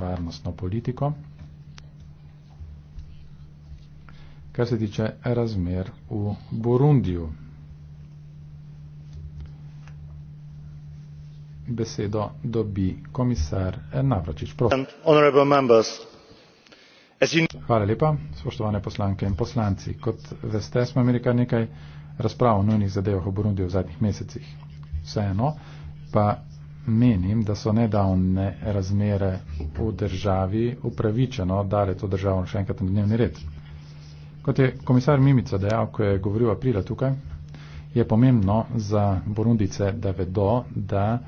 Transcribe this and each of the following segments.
varnostno politiko. Kar se tiče razmer v Burundiju. Besedo dobi komisar Navračič. Hvala lepa, spoštovane poslanke in poslanci. Kot veste, smo imeli kar nekaj razprav o nujnih zadevah v Burundiju v zadnjih mesecih. Vseeno pa menim, da so nedavne razmere v državi upravičeno dale to državo še enkrat na dnevni red. Kot je komisar Mimica dejal, ko je govoril aprila tukaj, je pomembno za borundice, da vedo, da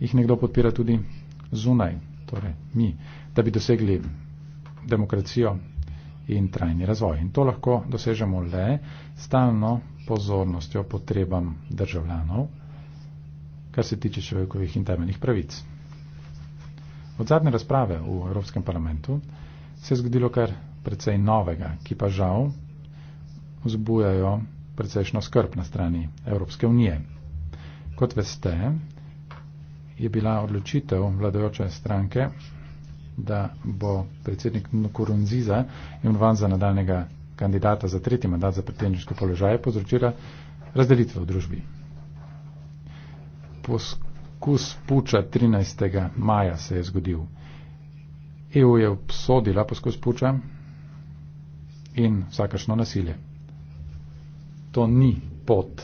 jih nekdo podpira tudi zunaj, torej mi, da bi dosegli demokracijo in trajni razvoj. In to lahko dosežemo le stalno pozornostjo potrebam državljanov kar se tiče človekovih in temeljnih pravic. Od zadnje razprave v Evropskem parlamentu se je zgodilo kar precej novega, ki pa žal vzbujajo precejšno skrb na strani Evropske unije. Kot veste, je bila odločitev vladajoče stranke, da bo predsednik Nkurunziza imenovan za nadaljnega kandidata za tretji mandat za predsedniško položaje, povzročila razdelitev v družbi poskus puča 13. maja se je zgodil. EU je obsodila poskus puča in vsakašno nasilje. To ni pot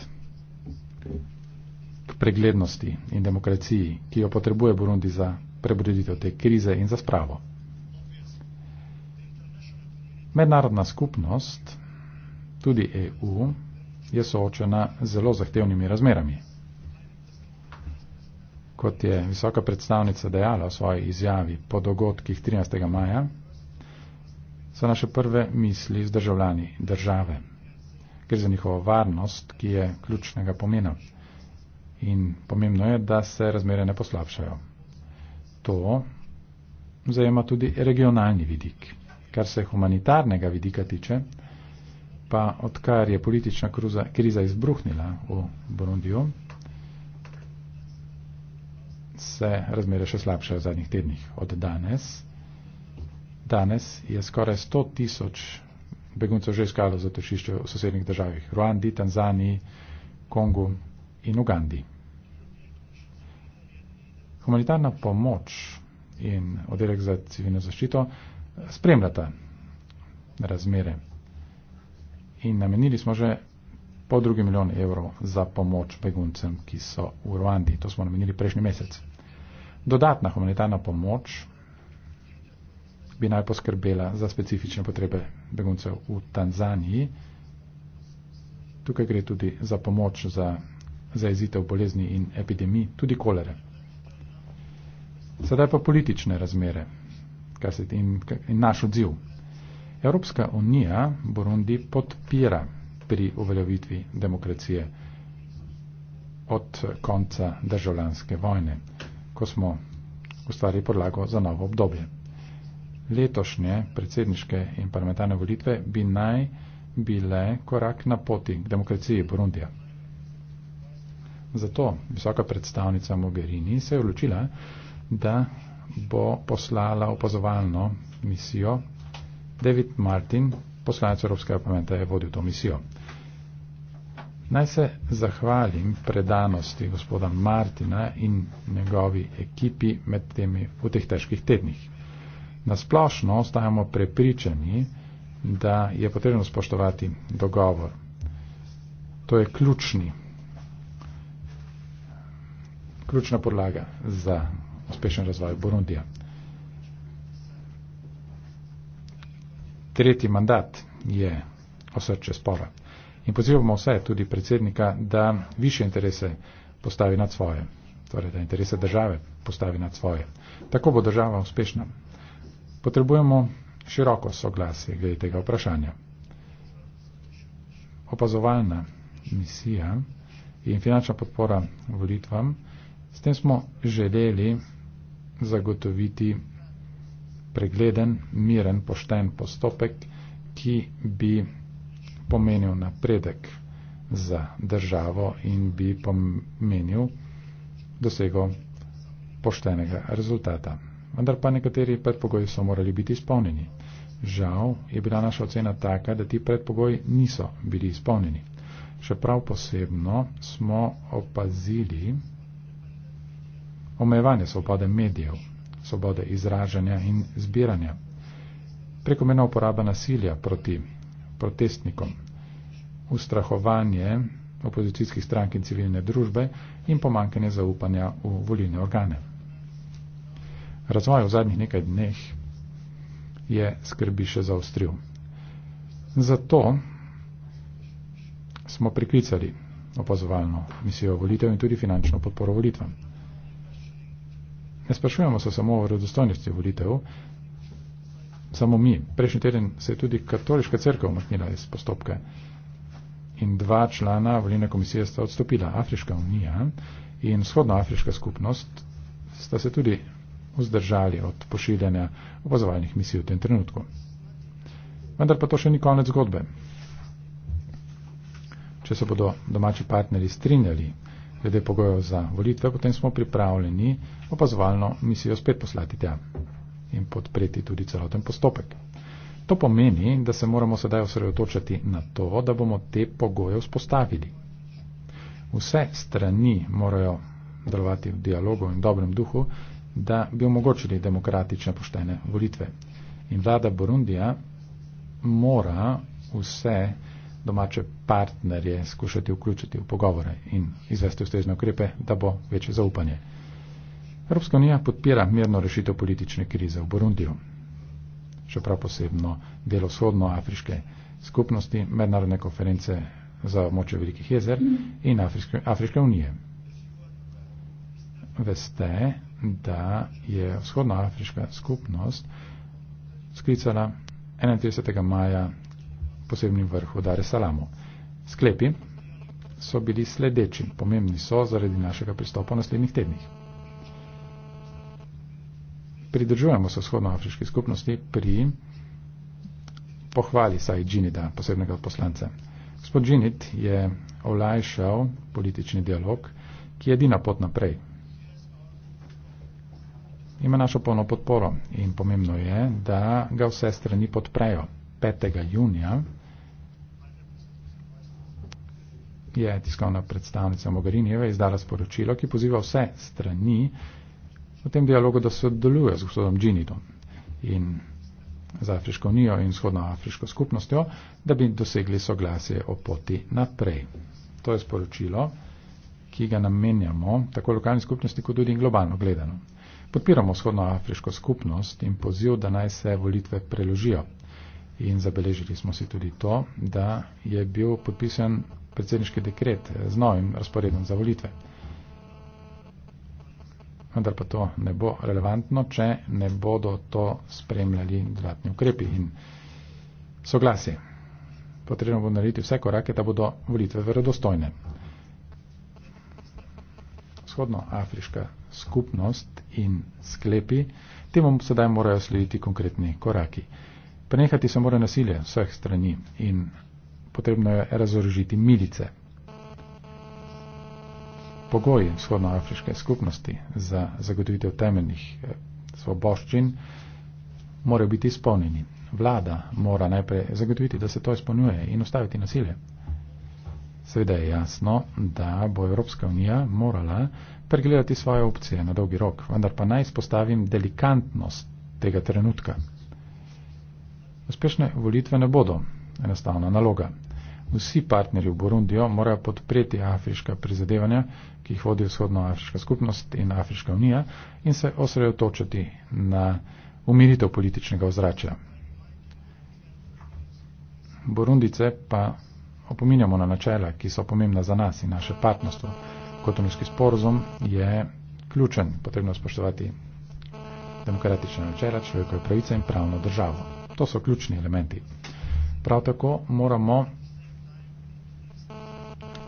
k preglednosti in demokraciji, ki jo potrebuje Burundi za prebroditev te krize in za spravo. Mednarodna skupnost, tudi EU, je soočena z zelo zahtevnimi razmerami kot je visoka predstavnica dejala v svoji izjavi po dogodkih 13. maja, so naše prve misli z državljani države. Gre za njihovo varnost, ki je ključnega pomena. In pomembno je, da se razmere ne poslabšajo. To zajema tudi regionalni vidik. Kar se humanitarnega vidika tiče, pa odkar je politična kruza, kriza izbruhnila v Burundiju, se razmere še slabše v zadnjih tednih od danes. Danes je skoraj 100 tisoč beguncev že iskalo za tošišče v sosednjih državih. Ruandi, Tanzaniji, Kongu in Ugandi. Humanitarna pomoč in oddelek za civilno zaščito spremljata razmere. In namenili smo že po drugi milijon evrov za pomoč beguncem, ki so v Ruandi. To smo namenili prejšnji mesec dodatna humanitarna pomoč bi naj poskrbela za specifične potrebe beguncev v Tanzaniji. Tukaj gre tudi za pomoč za zajezitev bolezni in epidemij, tudi kolere. Sedaj pa politične razmere kaj se, in, in naš odziv. Evropska unija Burundi podpira pri uveljavitvi demokracije od konca državljanske vojne ko smo ustvarili podlago za novo obdobje. Letošnje predsedniške in parlamentarne volitve bi naj bile korak na poti k demokraciji Burundija. Zato visoka predstavnica Mogherini se je odločila, da bo poslala opazovalno misijo. David Martin, poslanec Evropskega parlamenta, je vodil to misijo. Naj se zahvalim predanosti gospoda Martina in njegovi ekipi med temi v teh težkih tednih. Nasplošno ostajamo prepričani, da je potrebno spoštovati dogovor. To je ključni, ključna podlaga za uspešen razvoj Burundija. Tretji mandat je osrče spora. In pozivamo vse, tudi predsednika, da više interese postavi nad svoje, torej da interese države postavi nad svoje. Tako bo država uspešna. Potrebujemo široko soglasje glede tega vprašanja. Opazovalna misija in finančna podpora volitvam, s tem smo želeli zagotoviti pregleden, miren, pošten postopek, ki bi pomenil napredek za državo in bi pomenil dosego poštenega rezultata. Vendar pa nekateri predpogoji so morali biti izpolnjeni. Žal je bila naša ocena taka, da ti predpogoji niso bili izpolnjeni. Še prav posebno smo opazili omejevanje svobode medijev, svobode izražanja in zbiranja, prekomena uporaba nasilja proti protestnikom, ustrahovanje opozicijskih strank in civilne družbe in pomankanje zaupanja v volilne organe. Razvoj v zadnjih nekaj dneh je skrbi še zaostril. Zato smo priklicali opazovalno misijo volitev in tudi finančno podporo volitvam. Ne sprašujemo se samo o redostojnosti volitev, samo mi. Prejšnji teden se je tudi katoliška crkva umaknila iz postopka in dva člana volilne komisije sta odstopila. Afriška unija in vzhodnoafriška skupnost sta se tudi vzdržali od pošiljanja opazovalnih misij v tem trenutku. Vendar pa to še ni konec zgodbe. Če se bodo domači partnerji strinjali glede pogojev za volitve, potem smo pripravljeni opazovalno misijo spet poslati tam in podpreti tudi celoten postopek. To pomeni, da se moramo sedaj osredotočiti na to, da bomo te pogoje vzpostavili. Vse strani morajo delovati v dialogu in dobrem duhu, da bi omogočili demokratične poštene volitve. In vlada Burundija mora vse domače partnerje skušati vključiti v pogovore in izvesti ustrezne ukrepe, da bo večje zaupanje. Evropska unija podpira mirno rešitev politične krize v Burundiju, čeprav posebno delo vzhodno afriške skupnosti, mednarodne konference za območje velikih jezer in Afriške, Afriške unije. Veste, da je vzhodna afriška skupnost sklicala 31. maja posebni vrh v Dare Salamu. Sklepi so bili sledeči, pomembni so zaradi našega pristopa v naslednjih tednih pridržujemo se vzhodnoafriški skupnosti pri pohvali saj Džinida, posebnega poslance. Gospod Džinid je olajšal politični dialog, ki je edina pot naprej. Ima našo polno podporo in pomembno je, da ga vse strani podprejo. 5. junija je tiskovna predstavnica Mogarinjeva izdala sporočilo, ki poziva vse strani, v tem dialogu, da sodeluje z gospodom Džinidom in z Afriško unijo in shodno Afriško skupnostjo, da bi dosegli soglasje o poti naprej. To je sporočilo, ki ga namenjamo tako lokalni skupnosti, kot tudi globalno gledano. Podpiramo shodno Afriško skupnost in poziv, da naj se volitve preložijo. In zabeležili smo si tudi to, da je bil podpisan predsedniški dekret z novim razporedom za volitve vendar pa to ne bo relevantno, če ne bodo to spremljali dodatni ukrepi in soglasje. Potrebno bo narediti vse korake, da bodo volitve verodostojne. Vzhodnoafriška skupnost in sklepi, temu sedaj morajo slediti konkretni koraki. Prenehati se mora nasilje vseh strani in potrebno je razorožiti milice pogoji vzhodnoafriške skupnosti za zagotovitev temeljnih eh, svoboščin morajo biti izpolnjeni. Vlada mora najprej zagotoviti, da se to izpolnjuje in ustaviti nasilje. Seveda je jasno, da bo Evropska unija morala pregledati svoje opcije na dolgi rok, vendar pa naj izpostavim delikantnost tega trenutka. Uspešne volitve ne bodo enostavna naloga. Vsi partnerji v Burundijo morajo podpreti afriška prizadevanja, ki jih vodi vzhodno afriška skupnost in Afriška unija in se osredotočiti na umiritev političnega ozračja. Burundice pa opominjamo na načela, ki so pomembna za nas in naše partnerstvo. Kotonovski sporozum je ključen, potrebno spoštovati demokratične načela, človekove pravice in pravno državo. To so ključni elementi. Prav tako moramo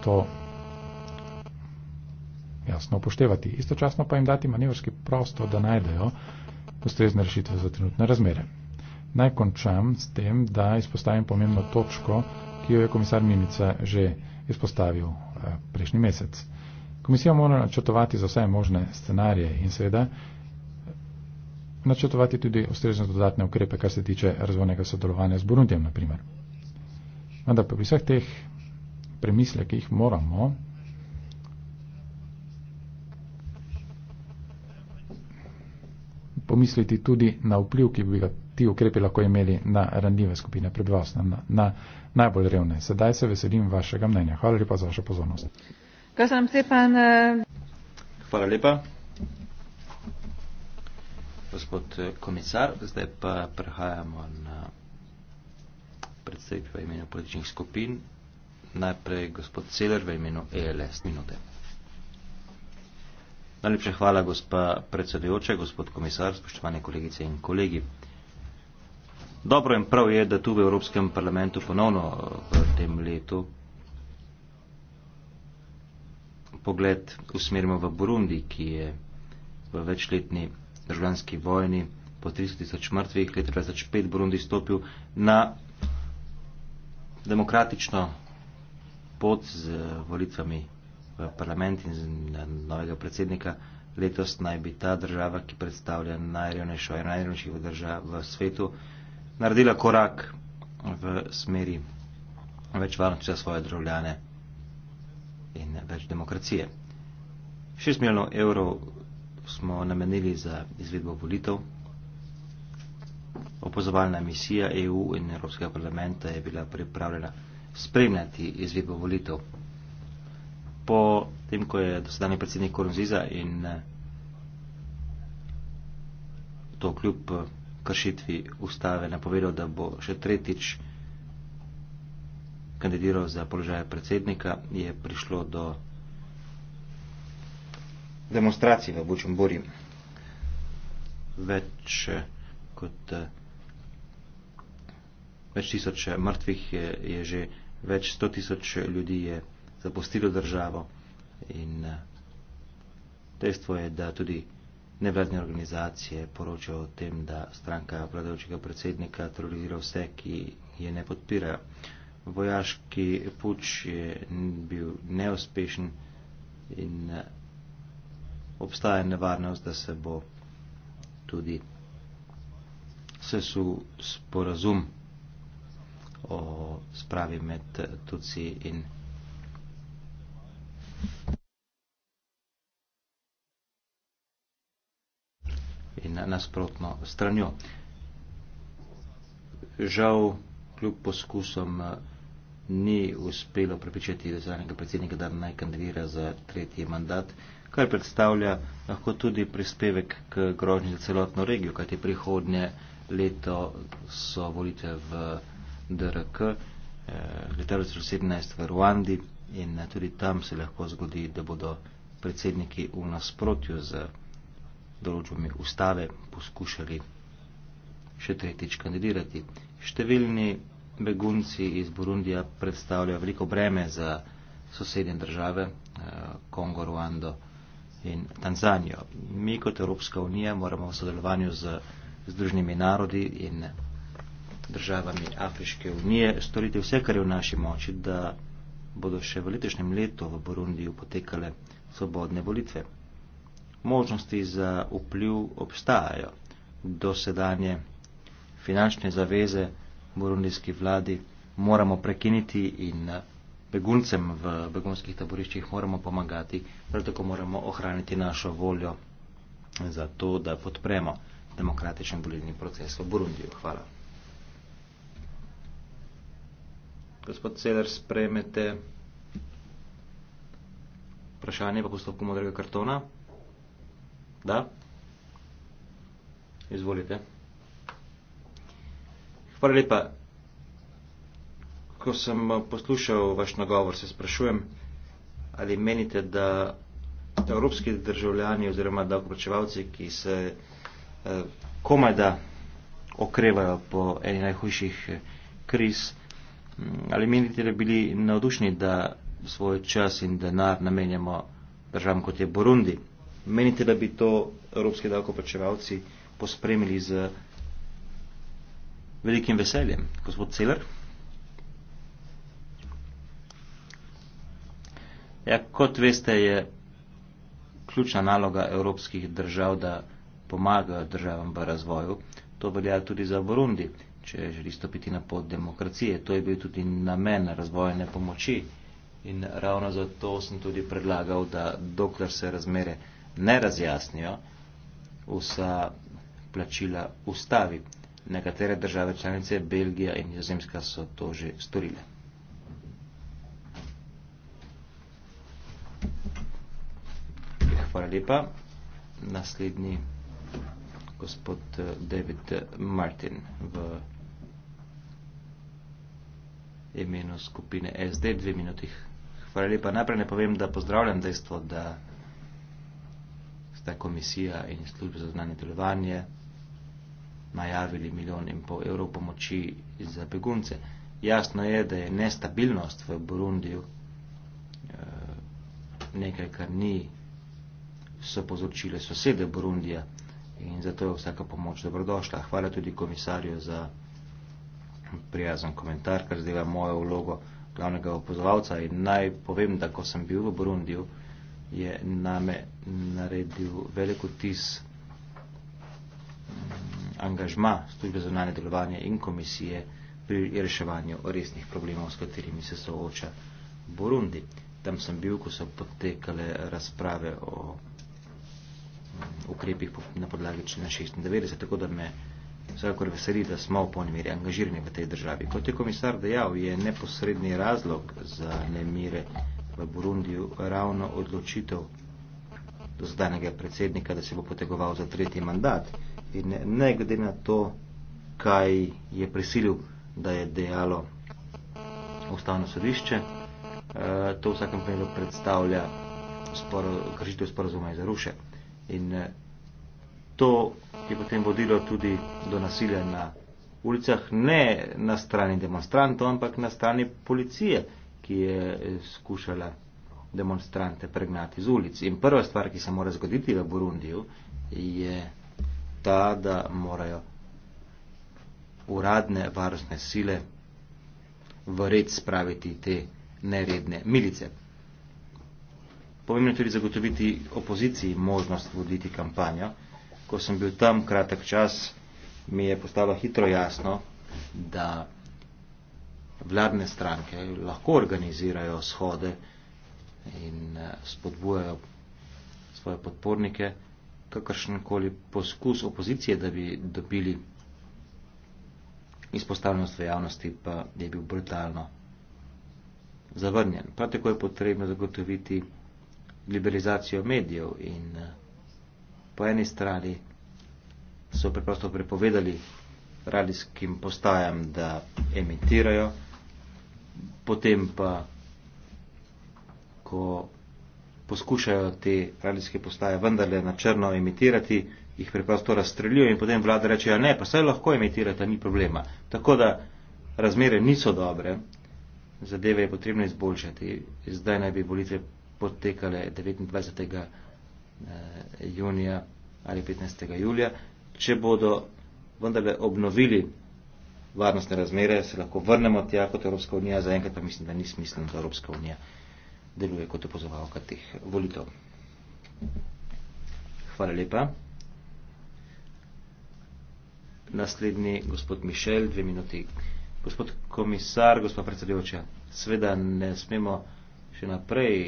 to jasno upoštevati. Istočasno pa jim dati manevrski prostor, da najdejo ustrezne rešitve za trenutne razmere. Naj končam s tem, da izpostavim pomembno točko, ki jo je komisar Mimica že izpostavil eh, prejšnji mesec. Komisija mora načrtovati za vse možne scenarije in seveda eh, načrtovati tudi ustrezne dodatne ukrepe, kar se tiče razvojnega sodelovanja z Burundijem, naprimer. Vendar pa pri vseh teh premisleke jih moramo. Pomisliti tudi na vpliv, ki bi ga ti ukrepi lahko imeli na randljive skupine prebivalstva, na, na najbolj revne. Sedaj se veselim vašega mnenja. Hvala lepa za vašo pozornost. Cepan, uh... Eh, Hvala lepa. Gospod eh, komisar, zdaj pa prehajamo na predstavitve imenu političnih skupin. Najprej gospod Celer v imenu ELS. Minute. Najlepša hvala, gospa predsedujoča, gospod komisar, spoštovane kolegice in kolegi. Dobro in prav je, da tu v Evropskem parlamentu ponovno eh, v tem letu pogled usmerimo v Burundi, ki je v večletni državljanski vojni po 30 tisoč mrtvih leta 2005 Burundi stopil na demokratično pot z volitvami v parlament in z novega predsednika. Letos naj bi ta država, ki predstavlja najrevnejšo in najrevnejših držav v svetu, naredila korak v smeri več varnosti za svoje državljane in več demokracije. 6 milijonov evrov smo namenili za izvedbo volitev. Opozovalna misija EU in Evropskega parlamenta je bila pripravljena spremljati izvedbo volitev. Po tem, ko je dosedanji predsednik Koronziza in eh, to kljub eh, kršitvi ustave napovedal, da bo še tretjič kandidiral za položaj predsednika, je prišlo do demonstracij v Bučemburi. Več eh, kot več tisoč mrtvih je, je že več sto tisoč ljudi je zapustilo državo in eh, dejstvo je, da tudi nevladne organizacije poročajo o tem, da stranka vladajočega predsednika terorizira vse, ki je ne podpirajo. Vojaški puč je bil neuspešen in eh, obstaja nevarnost, da se bo tudi sesu sporazum o spravi med tuci in in nasprotno stranjo. Žal, kljub poskusom, ni uspelo prepričati zadnjega predsednika, da naj kandidira za tretji mandat, kar predstavlja lahko tudi prispevek k grožnji za celotno regijo, kajti prihodnje leto so volitve v DRK, eh, letalo so 17 v Ruandi in eh, tudi tam se lahko zgodi, da bodo predsedniki v nasprotju z določbami ustave poskušali še tretjič kandidirati. Številni begunci iz Burundija predstavljajo veliko breme za sosednje države, eh, Kongo, Ruando in Tanzanijo. Mi kot Evropska unija moramo v sodelovanju z Združenimi narodi in državami Afriške unije storiti vse, kar je v naši moči, da bodo še v letošnjem letu v Burundiju potekale svobodne volitve. Možnosti za vpliv obstajajo. Dosedanje finančne zaveze burundijski vladi moramo prekiniti in beguncem v begunskih taboriščih moramo pomagati, prav tako moramo ohraniti našo voljo za to, da podpremo demokratičen volilni proces v Burundiju. Hvala. gospod Celer, sprejmete vprašanje v postopku modrega kartona? Da? Izvolite. Hvala lepa. Ko sem eh, poslušal vaš nagovor, se sprašujem, ali menite, da evropski državljani oziroma davkoplačevalci, ki se eh, komaj da okrevajo po eni najhujših eh, kriz, ali menite, da bi bili navdušni, da svoj čas in denar namenjamo državam kot je Burundi? Menite, da bi to evropski davkoplačevalci pospremili z velikim veseljem? Gospod Celer? Ja, kot veste, je ključna naloga evropskih držav, da pomagajo državam v razvoju. To velja tudi za Burundi če želi stopiti na pot demokracije. To je bil tudi namen razvojne pomoči in ravno zato sem tudi predlagal, da dokler se razmere ne razjasnijo, vsa plačila ustavi. Nekatere države članice, Belgija in Nizozemska, so to že storile. Hvala lepa. Naslednji gospod eh, David Martin v imenu skupine SD, dve minuti. Hvala lepa. Najprej ne povem, da pozdravljam dejstvo, da sta komisija in službe za znanje delovanje najavili milijon in pol evrov pomoči za begunce. Jasno je, da je nestabilnost v Burundiju eh, nekaj, kar ni so povzročile sosede Burundija in zato je vsaka pomoč dobrodošla. Hvala tudi komisarju za prijazen komentar, kar zdaj mojo vlogo glavnega opozovalca in naj povem, da ko sem bil v Burundiju, je name naredil veliko tis mm, angažma službe zunanje delovanje in komisije pri reševanju resnih problemov, s katerimi se sooča Burundi. Tam sem bil, ko so potekale razprave o mm, ukrepih na podlagi člena 96, tako da me Vsakor veseli, da smo v polnemiri angažirani v tej državi. Kot je komisar dejal, je neposredni razlog za nemire v Burundiju ravno odločitev do zadanjega predsednika, da se bo potegoval za tretji mandat. In ne glede na to, kaj je prisilil, da je dejalo ustavno sodišče, eh, to v vsakem primeru predstavlja spor, kršitev sporozuma iz Ruše. In eh, to je potem vodilo tudi do nasilja na ulicah, ne na strani demonstrantov, ampak na strani policije, ki je eh, skušala demonstrante pregnati z ulic. In prva stvar, ki se mora zgoditi v Burundiju, je ta, da morajo uradne varnostne sile v red spraviti te neredne milice. Pomembno je tudi zagotoviti opoziciji možnost voditi kampanjo ko sem bil tam kratek čas, mi je postalo hitro jasno, da vladne stranke lahko organizirajo shode in eh, spodbujajo svoje podpornike, kakršenkoli poskus opozicije, da bi dobili izpostavljenost v javnosti, pa je bil brutalno zavrnjen. Prav tako je potrebno zagotoviti liberalizacijo medijev in uh, po eni strani so preprosto prepovedali radijskim postajam, da emitirajo, potem pa, ko poskušajo te radijske postaje vendarle na črno emitirati, jih preprosto razstrelijo in potem vlada reče, ja ne, pa saj lahko emitirate, ni problema. Tako da razmere niso dobre, zadeve je potrebno izboljšati. Zdaj naj bi volitve potekale 29. Eh, junija ali 15. julija, če bodo vendarle obnovili varnostne razmere, se lahko vrnemo tja kot Evropska unija, zaenkrat pa mislim, da ni smiselno, da Evropska unija deluje kot opozovalka teh volitev. Hvala lepa. Naslednji gospod Mišel, dve minuti. Gospod komisar, gospod predsedujoča, sveda ne smemo še naprej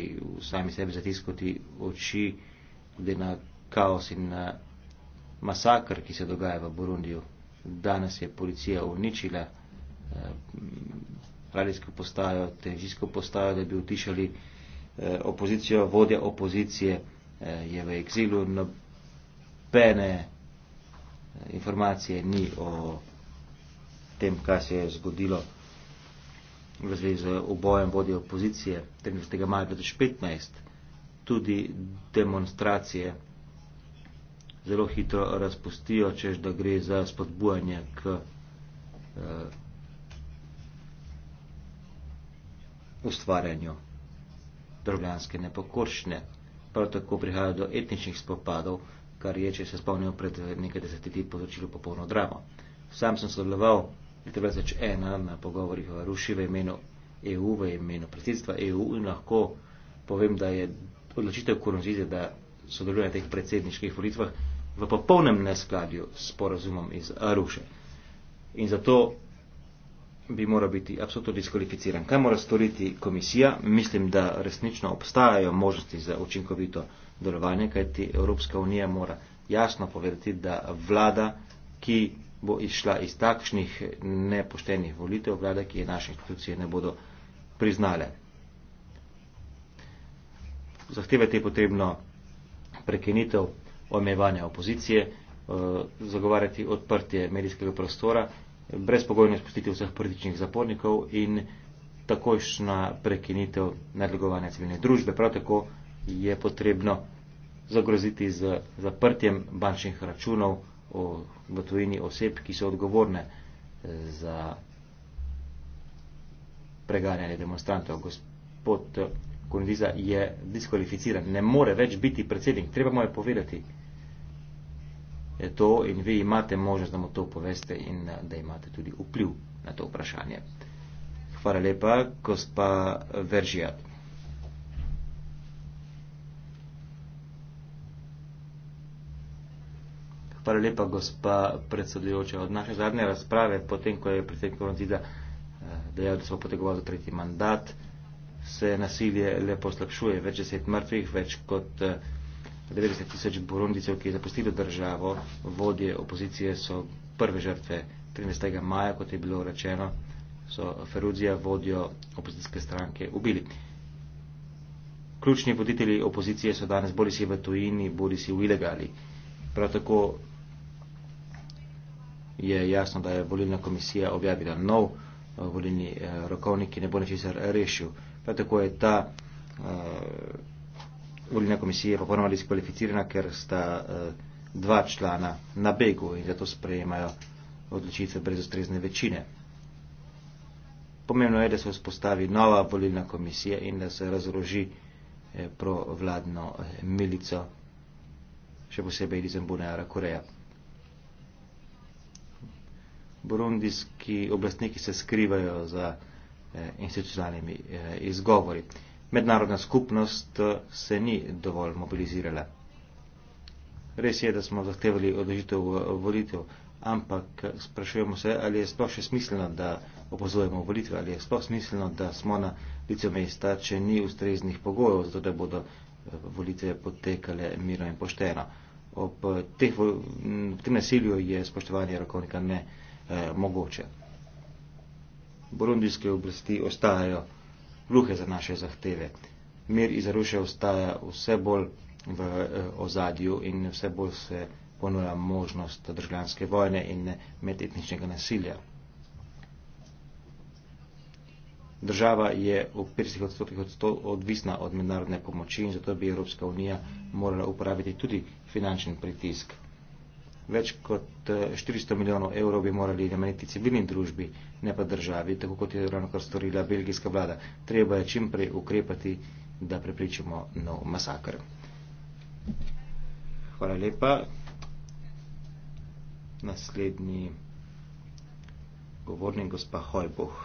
sami sebi zatiskati oči glede na kaos in na eh, masakr, ki se dogaja v Burundiju. Danes je policija uničila eh, radijsko postajo, televizijsko postajo, da bi utišali eh, opozicijo. Vodja opozicije eh, je v eksilu, nobene eh, informacije ni o tem, kaj se je zgodilo v zvezi z obojem vodje opozicije, 13. maja 2015 tudi demonstracije zelo hitro razpustijo, čež da gre za spodbujanje k uh, ustvarjanju državljanske nepokoršne. Prav tako prihaja do etničnih spopadov, kar je, če se spomnimo, pred nekaj desetletji povzročilo popolno dramo. Sam sem sodeloval v 2001 na pogovorih v Ruši v imenu EU, v imenu predsedstva EU in lahko povem, da je odločitev Kurunzize, da sodeluje na teh predsedniških volitvah v popolnem neskladju s porazumom iz Aruše. In zato bi moral biti absolutno diskvalificiran. Kaj mora storiti komisija? Mislim, da resnično obstajajo možnosti za učinkovito delovanje, kajti Evropska unija mora jasno povedati, da vlada, ki bo izšla iz takšnih nepoštenih volitev, vlada, ki je naše institucije ne bodo priznale zahtevati je potrebno prekinitev omejevanja opozicije, eh, zagovarjati odprtje medijskega prostora, brezpogojno izpustiti vseh političnih zapornikov in takošna prekinitev nadlegovanja civilne družbe. Prav tako je potrebno zagroziti z zaprtjem bančnih računov o, v tujini oseb, ki so odgovorne eh, za preganjanje demonstrantov. Gospod Kunviza je diskvalificiran, ne more več biti predsednik, treba mu je povedati. Je to in vi imate možnost, da mu to poveste in eh, da imate tudi vpliv na to vprašanje. Hvala lepa, gospa Veržijat. Hvala lepa, gospa predsedujoča. Od naše zadnje razprave, potem ko je predsednik Kunviza eh, dejal, da se bo potegoval za tretji mandat, se nasilje le poslabšuje. Več deset mrtvih, več kot 90 eh, tisoč burundicev, ki je zapustilo državo, vodje opozicije so prve žrtve 13. maja, kot je bilo rečeno, so Feruzija vodjo opozicijske stranke ubili. Ključni voditelji opozicije so danes bodi si v tujini, bodi si v ilegali. Prav tako je jasno, da je volilna komisija objavila nov eh, volilni eh, rokovnik, ki ne bo ničesar rešil. Pravite, ko je ta uh, volilna komisija popolnoma diskvalificirana, ker sta uh, dva člana na begu in zato sprejemajo odločitve brez ustrezne večine. Pomembno je, da se vzpostavi nova volilna komisija in da se razroži eh, provladno eh, milico, še posebej Dizembune Ara Koreja. Burundijski oblastniki se skrivajo za Eh, institucionalnimi eh, izgovori. Mednarodna skupnost eh, se ni dovolj mobilizirala. Res je, da smo zahtevali odložitev volitev, ampak sprašujemo se, ali je sploh še smiselno, da opozorujemo volitve, ali je sploh smiselno, da smo na licu mesta, če ni ustreznih pogojev, zato da bodo volitve potekale mirno in pošteno. Ob teh, tem nasilju je spoštovanje rokovnika ne eh, mogoče burundijske oblasti ostajajo gluhe za naše zahteve. Mir iz Ruše ostaja vse bolj v eh, ozadju in vse bolj se ponuja možnost državljanske vojne in eh, medetničnega nasilja. Država je v 50 odstotkih odvisna od mednarodne pomoči in zato bi Evropska unija morala uporabiti tudi finančni pritisk več kot 400 eh, milijonov evrov bi morali nameniti civilni družbi, ne pa državi, tako kot je ravno kar storila belgijska vlada. Treba je čim prej ukrepati, da prepričamo nov masakr. Hvala lepa. Naslednji govornik, gospa Hojboh.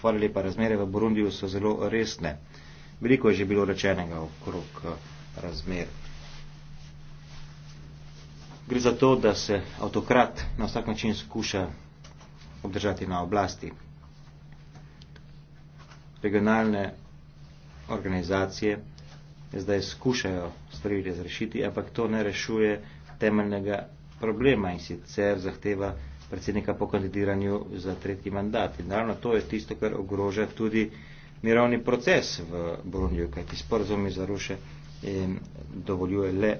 Hvala lepa. Razmere v Burundiju so zelo resne. Veliko je že bilo rečenega okrog eh, razmer Gre za to, da se avtokrat na vsak način skuša obdržati na oblasti. Regionalne organizacije zdaj skušajo stvari razrešiti, ampak to ne rešuje temeljnega problema in sicer zahteva predsednika po kandidiranju za tretji mandat. In naravno to je tisto, kar ogroža tudi mirovni proces v Brunju, kajti sporozumi za ruše eh, dovoljuje le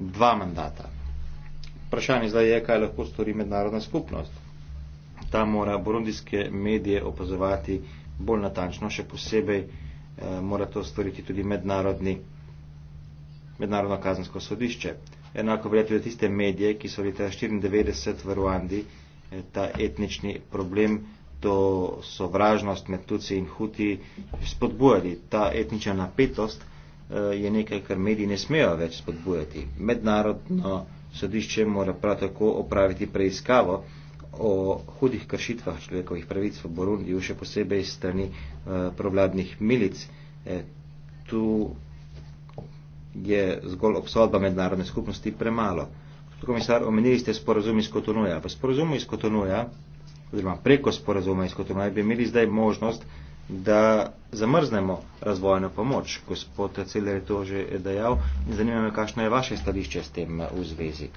dva mandata. Vprašanje zdaj je, kaj lahko stori mednarodna skupnost. Ta mora burundijske medije opazovati bolj natančno, še posebej eh, mora to storiti tudi mednarodni, mednarodno kazansko sodišče. Enako velja tudi tiste medije, ki so leta 1994 v Ruandi eh, ta etnični problem, to sovražnost med tuci in huti spodbujali. Ta etnična napetost eh, je nekaj, kar mediji ne smejo več spodbujati. Mednarodno Sodišče mora prav tako opraviti preiskavo o hudih kršitvah človekovih pravic v Burundiju, še posebej strani eh, provladnih milic. E, tu je zgolj obsodba mednarodne skupnosti premalo. Komisar, omenili ste sporazum iz Kotonuja. V sporazumu iz Kotonuja, oziroma preko sporazuma iz Kotonuja, bi imeli zdaj možnost, da zamrznemo razvojno pomoč. Gospod Celer je to že dejal in zanima me, kakšno je vaše stališče s tem eh, v zvezi.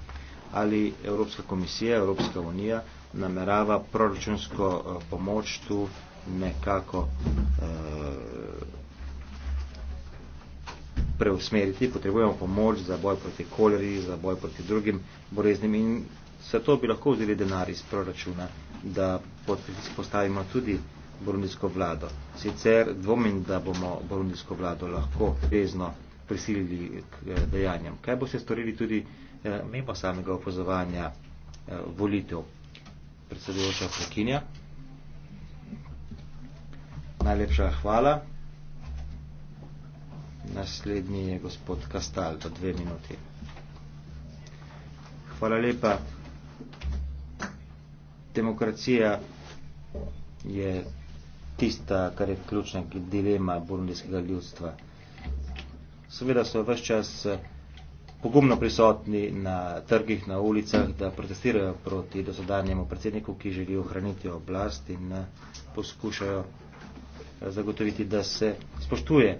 Ali Evropska komisija, Evropska unija namerava proračunsko eh, pomoč tu nekako eh, preusmeriti, potrebujemo pomoč za boj proti koleri, za boj proti drugim boreznim in se to bi lahko vzeli denar iz proračuna, da postavimo tudi uh, borunijsko vlado. Sicer dvomim, da bomo borunijsko vlado lahko vezno prisilili k eh, dejanjem. Kaj bo se storili tudi eh, mimo samega opozovanja eh, volitev? Predsedujoča prekinja. Najlepša hvala. Naslednji je gospod Kastal, do dve minuti. Hvala lepa. Demokracija je tista, kar je ključna dilema burundijskega ljudstva. Seveda so vse čas eh, pogumno prisotni na trgih, na ulicah, da protestirajo proti dosedanjemu predsedniku, ki želi ohraniti oblast in eh, poskušajo eh, zagotoviti, da se spoštuje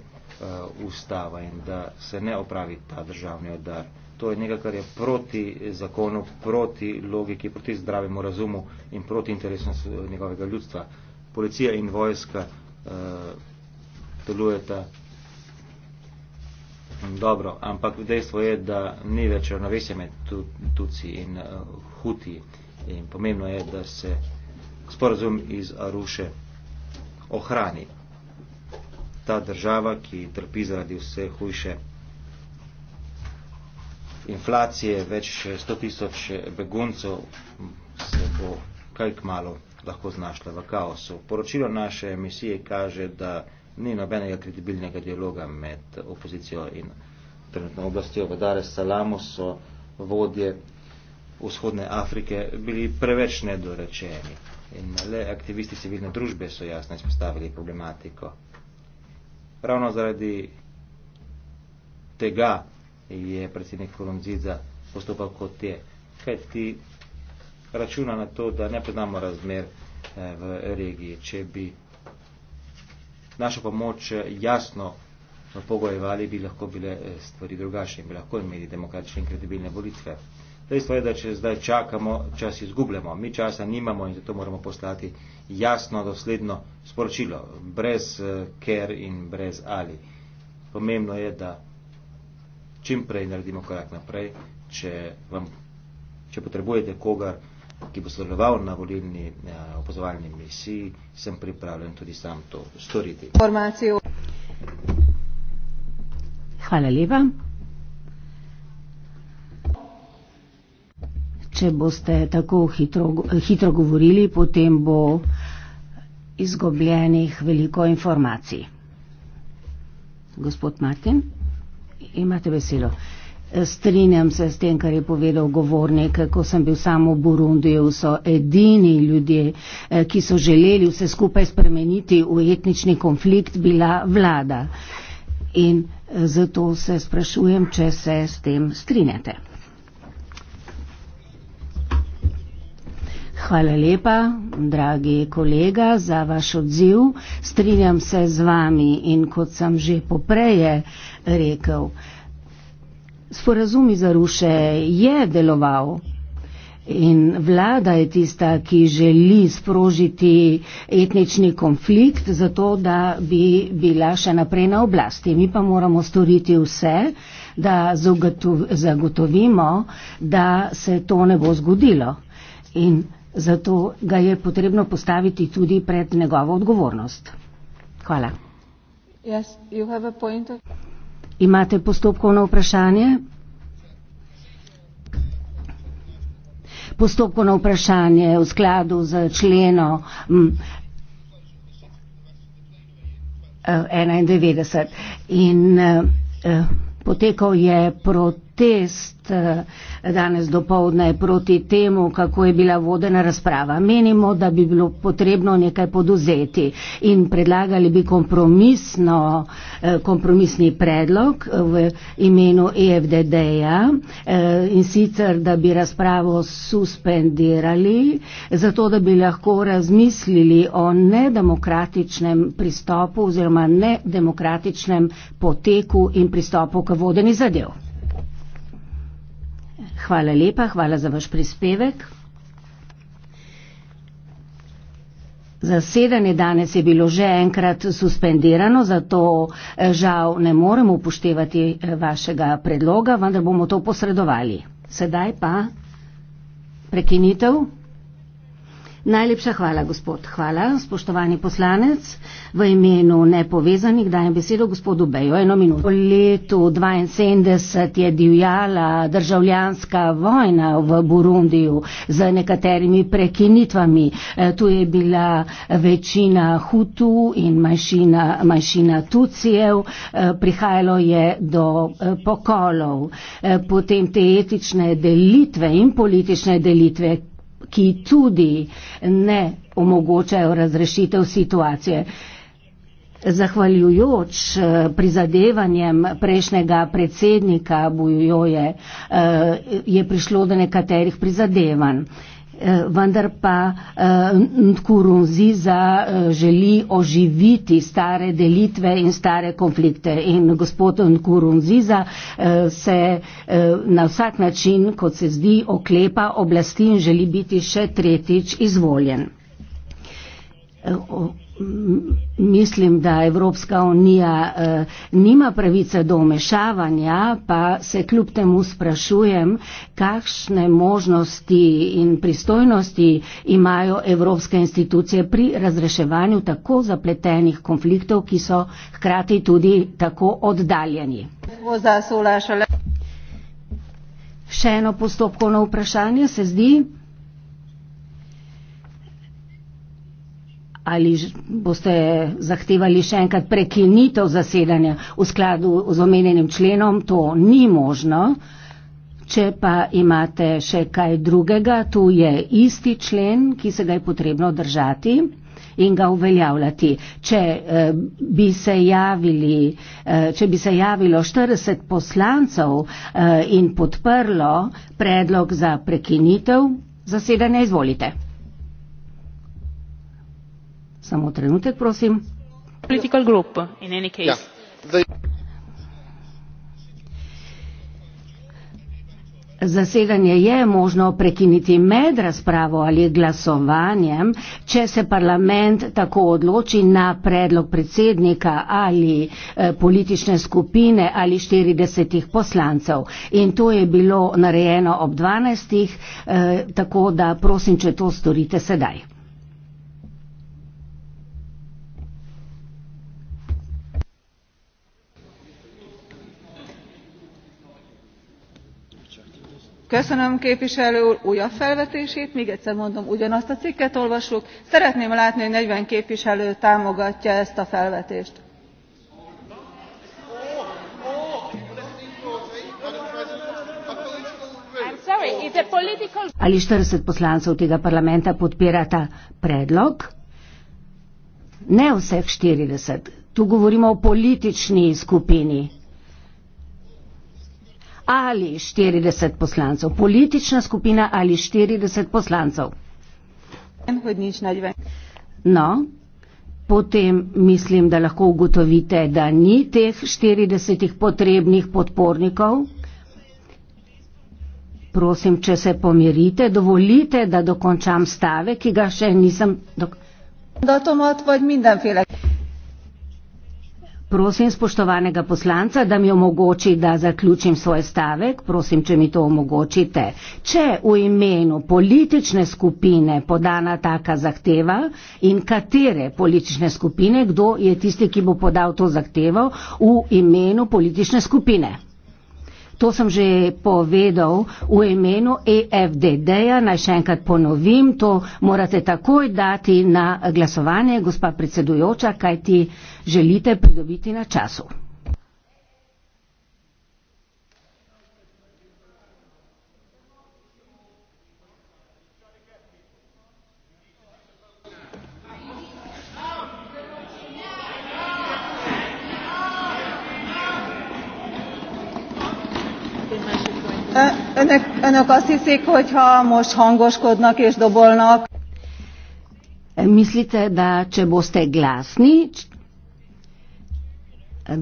ustava in da se ne opravi ta državni odar. To je nekaj, kar je proti zakonu, proti logiki, proti zdravemu razumu in proti interesom njegovega ljudstva policija in vojska uh, delujeta dobro, ampak dejstvo je, da ni več ravnovesje med tuci in uh, huti in pomembno je, da se sporazum iz Aruše ohrani. Ta država, ki trpi zaradi vse hujše inflacije, več 100 tisoč beguncov, se bo kaj k malo lahko znašla v kaosu. Poročilo naše emisije kaže, da ni nobenega kredibilnega dialoga med opozicijo in trenutno oblastjo. V Dar es Salamu so vodje vzhodne Afrike bili preveč nedorečeni in le aktivisti civilne družbe so jasno izpostavili problematiko. Ravno zaradi tega je predsednik Kolonziza postopal kot je, kaj ti računa na to, da ne predamo razmer eh, v regiji, če bi našo pomoč eh, jasno pogojevali, bi lahko bile eh, stvari drugačne, bi lahko imeli demokratične in kredibilne volitve. Dejstvo je, da če zdaj čakamo, čas izgubljamo. Mi časa nimamo in zato moramo poslati jasno, dosledno sporočilo, brez ker in brez ali. Pomembno je, da čim prej naredimo korak naprej, če, vam, če potrebujete kogar, ki bo sodeloval na volilni eh, opozovalni misiji, sem pripravljen tudi sam to storiti. Informacijo. Hvala lepa. Če boste tako hitro, hitro govorili, potem bo izgubljenih veliko informacij. Gospod Martin, imate veselo. Strinjam se s tem, kar je povedal govornik, ko sem bil samo v Burundiju, so edini ljudje, eh, ki so želeli vse skupaj spremeniti v etnični konflikt, bila vlada. In eh, zato se sprašujem, če se s tem strinjate. Hvala lepa, dragi kolega, za vaš odziv. Strinjam se z vami in kot sem že popreje rekel, sporazum za ruše je deloval. In vlada je tista, ki želi sprožiti etnični konflikt, zato da bi bila še naprej na oblasti. Mi pa moramo storiti vse, da zagotovimo, da se to ne bo zgodilo. In zato ga je potrebno postaviti tudi pred njegovo odgovornost. Hvala. Yes, Imate postopkovno vprašanje? Postopkovno vprašanje v skladu z členom mm, 91. Eh, In eh, eh, potekal je proti protest eh, danes dopoledne proti temu, kako je bila vodena razprava. Menimo, da bi bilo potrebno nekaj poduzeti in predlagali bi eh, kompromisni predlog v imenu EFDD-ja eh, in sicer, da bi razpravo suspendirali, zato da bi lahko razmislili o nedemokratičnem pristopu oziroma nedemokratičnem poteku in pristopu k vodeni zadev. Hvala lepa, hvala za vaš prispevek. Zasedanje danes je bilo že enkrat suspendirano, zato eh, žal ne moremo upoštevati eh, vašega predloga, vendar bomo to posredovali. Sedaj pa prekinitev. Najlepša hvala, gospod. Hvala, spoštovani poslanec. V imenu nepovezanih dajem besedo gospodu Bejo. Eno minuto. Po letu 1972 je divjala državljanska vojna v Burundiju z nekaterimi prekinitvami. E, tu je bila večina Hutu in manjšina, manjšina Tucijev. E, prihajalo je do e, pokolov. Potem te etične delitve in politične delitve ki tudi ne omogočajo razrešitev situacije. Zahvaljujoč eh, prizadevanjem prejšnjega predsednika Bujoje eh, je prišlo do nekaterih prizadevanj. Eh, vendar pa eh, Nkurunzi za eh, želi oživiti stare delitve in stare konflikte. In gospod Nkurunzi za se na vsak način, kot se zdi, oklepa oblasti in želi biti še tretjič izvoljen mislim, da Evropska unija eh, nima pravice do omešavanja, pa se kljub temu sprašujem, kakšne možnosti in pristojnosti imajo evropske institucije pri razreševanju tako zapletenih konfliktov, ki so hkrati tudi tako oddaljeni. Še eno postopkovno vprašanje se zdi. ali boste zahtevali še enkrat prekinitev zasedanja v skladu z omenjenim členom, to ni možno. Če pa imate še kaj drugega, tu je isti člen, ki se ga je potrebno držati in ga uveljavljati. Če, eh, bi, se javili, eh, če bi se javilo 40 poslancev eh, in podprlo predlog za prekinitev, zasedanja izvolite samo trenutek prosim ja. Zaseganje je možno prekiniti med razpravo ali glasovanjem, če se parlament tako odloči na predlog predsednika ali eh, politične skupine ali 40 poslancev. In to je bilo narejeno ob 12, eh, tako da prosim, če to storite sedaj. köszönöm képviselő úr újabb felvetését még egyszer mondom ugyanazt a cikket olvassuk szeretném látni hogy forty képviselő támogatja ezt a felvetést. ali štirideset poslancev tega parlamenta podpira ta predlog ne vseh štirideset tu govorimo o politični skupini ali 40 poslancev, politična skupina ali 40 poslancev. No, potem mislim, da lahko ugotovite, da ni teh 40 potrebnih podpornikov. Prosim, če se pomirite, dovolite, da dokončam stave, ki ga še nisem dokončal. Prosim spoštovanega poslanca, da mi omogoči, da zaključim svoj stavek. Prosim, če mi to omogočite. Če v imenu politične skupine podana taka zahteva in katere politične skupine, kdo je tisti, ki bo podal to zahtevo v imenu politične skupine? To sem že povedal v imenu EFDD-ja, naj še enkrat ponovim, to morate takoj dati na glasovanje, gospa predsedujoča, kaj ti želite pridobiti na času. Önök, önök azt hiszik, hogy ha most hangoskodnak és dobolnak. Mislite, da če boste glasni,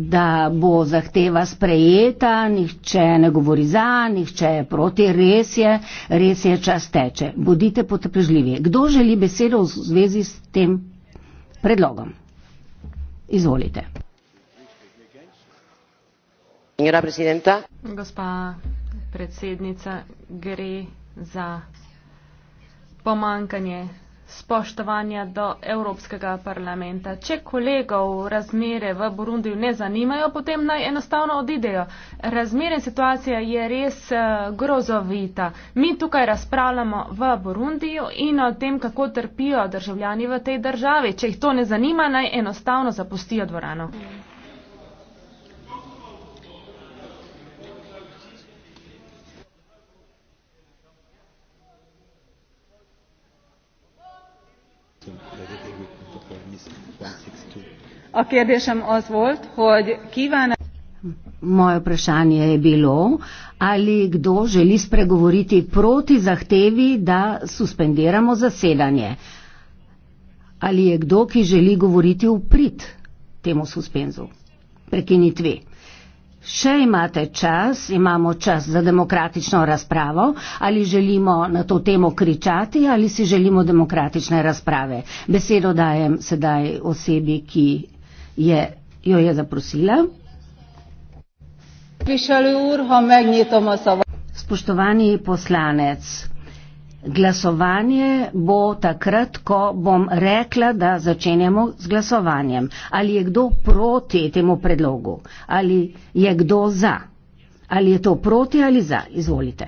da bo zahteva sprejeta, nihče ne govori za, nihče je proti, res je, res je, čas teče. Bodite potrpežljivi. Kdo želi besedo v zvezi s tem predlogom? Izvolite. Gospa predsednica, gre za pomankanje spoštovanja do Evropskega parlamenta. Če kolegov razmere v Burundiju ne zanimajo, potem naj enostavno odidejo. Razmere situacija je res eh, grozovita. Mi tukaj razpravljamo v Burundiju in o tem, kako trpijo državljani v tej državi. Če jih to ne zanima, naj enostavno zapustijo dvorano. Mm. A kérdésem az volt, hogy kíván... Moje vprašanje je bilo, ali kdo želi spregovoriti proti zahtevi, da suspendiramo zasedanje. Ali je kdo, ki želi govoriti v prid temu suspenzu, prekinitvi. Še imate čas, imamo čas za demokratično razpravo, ali želimo na to temo kričati, ali si želimo demokratične razprave. Besedo dajem sedaj osebi, ki je, jo je zaprosila. Spoštovani poslanec, Glasovanje bo takrat, ko bom rekla, da začenjamo z glasovanjem. Ali je kdo proti temu predlogu? Ali je kdo za? Ali je to proti ali za? Izvolite.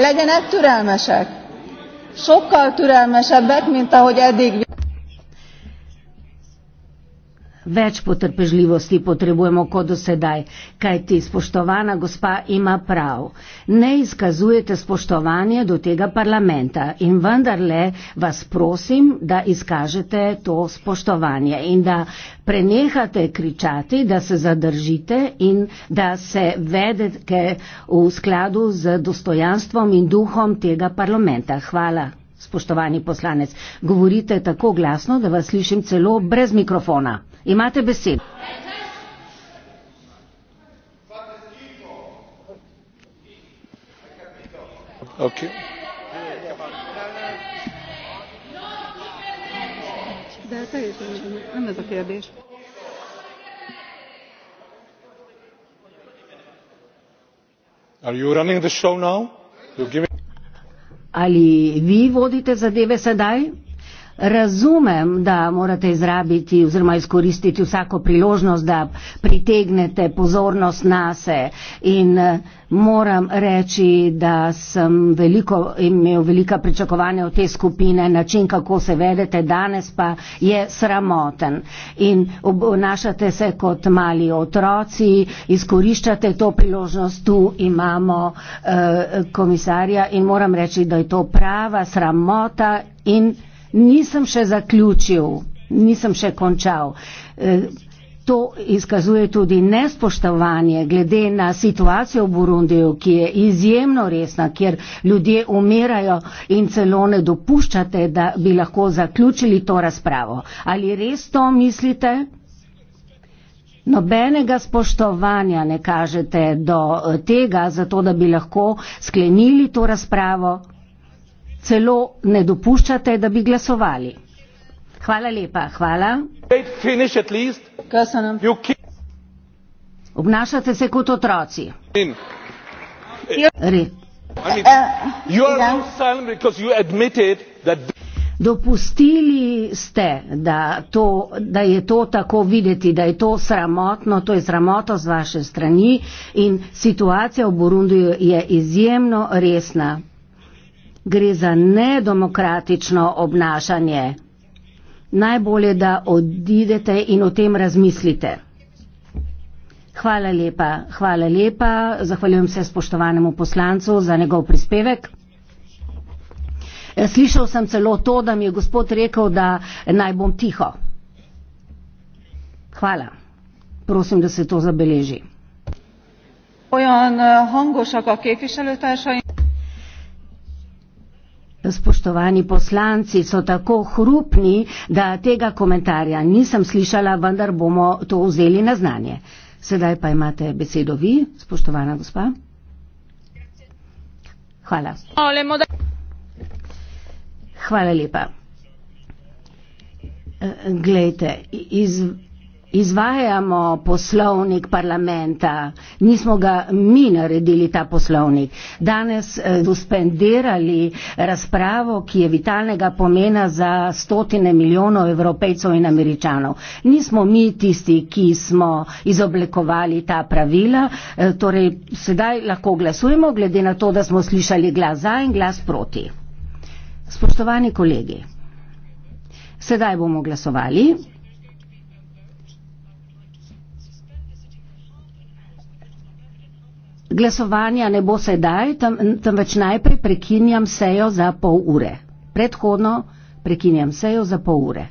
Legyenek türelmesek, sokkal türelmesebbek, mint ahogy eddig. Več potrpežljivosti potrebujemo kot do sedaj, kajti spoštovana gospa ima prav. Ne izkazujete spoštovanje do tega parlamenta in vendarle vas prosim, da izkažete to spoštovanje in da prenehate kričati, da se zadržite in da se vedete v skladu z dostojanstvom in duhom tega parlamenta. Hvala. Spoštovani poslanec, govorite tako glasno, da vas slišim celo brez mikrofona. Imate besedo. Okay. Ali vi vodite zadeve sedaj? razumem, da morate izrabiti oziroma izkoristiti vsako priložnost, da pritegnete pozornost na se in eh, moram reči, da sem veliko, imel velika pričakovanja od te skupine, način, kako se vedete danes pa je sramoten in obnašate se kot mali otroci, izkoriščate to priložnost, tu imamo uh, komisarja in moram reči, da je to prava sramota in Nisem še zaključil, nisem še končal. E, to izkazuje tudi nespoštovanje glede na situacijo v Burundiju, ki je izjemno resna, kjer ljudje umirajo in celo ne dopuščate, da bi lahko zaključili to razpravo. Ali res to mislite? Nobenega spoštovanja ne kažete do e, tega, zato da bi lahko sklenili to razpravo celo ne dopuščate, da bi glasovali. Hvala lepa, hvala. Obnašate se kot otroci. Eh, eh, ja. Dopustili ste, da, to, da je to tako videti, da je to sramotno, to je sramota z vaše strani in situacija v Burundiju je izjemno resna gre za nedemokratično obnašanje. Najbolje, da odidete in o tem razmislite. Hvala lepa, hvala lepa. Zahvaljujem se spoštovanemu poslancu za njegov prispevek. Slišal sem celo to, da mi je gospod rekel, da naj bom tiho. Hvala. Prosim, da se to zabeleži. Ojan, eh, Spoštovani poslanci so tako hrupni, da tega komentarja nisem slišala, vendar bomo to vzeli na znanje. Sedaj pa imate besedo vi, spoštovana gospa. Hvala. Hvala lepa. Glejte, iz, Izvajamo poslovnik parlamenta, nismo ga mi naredili ta poslovnik. Danes eh, suspendirali razpravo, ki je vitalnega pomena za stotine milijonov evropejcev in američanov. Nismo mi tisti, ki smo izoblikovali ta pravila, eh, torej sedaj lahko glasujemo, glede na to, da smo slišali glas za in glas proti. Spoštovani kolegi, sedaj bomo glasovali. Glasovanja ne bo sedaj, tam, temveč najprej prekinjam sejo za pol ure. Predhodno prekinjam sejo za pol ure.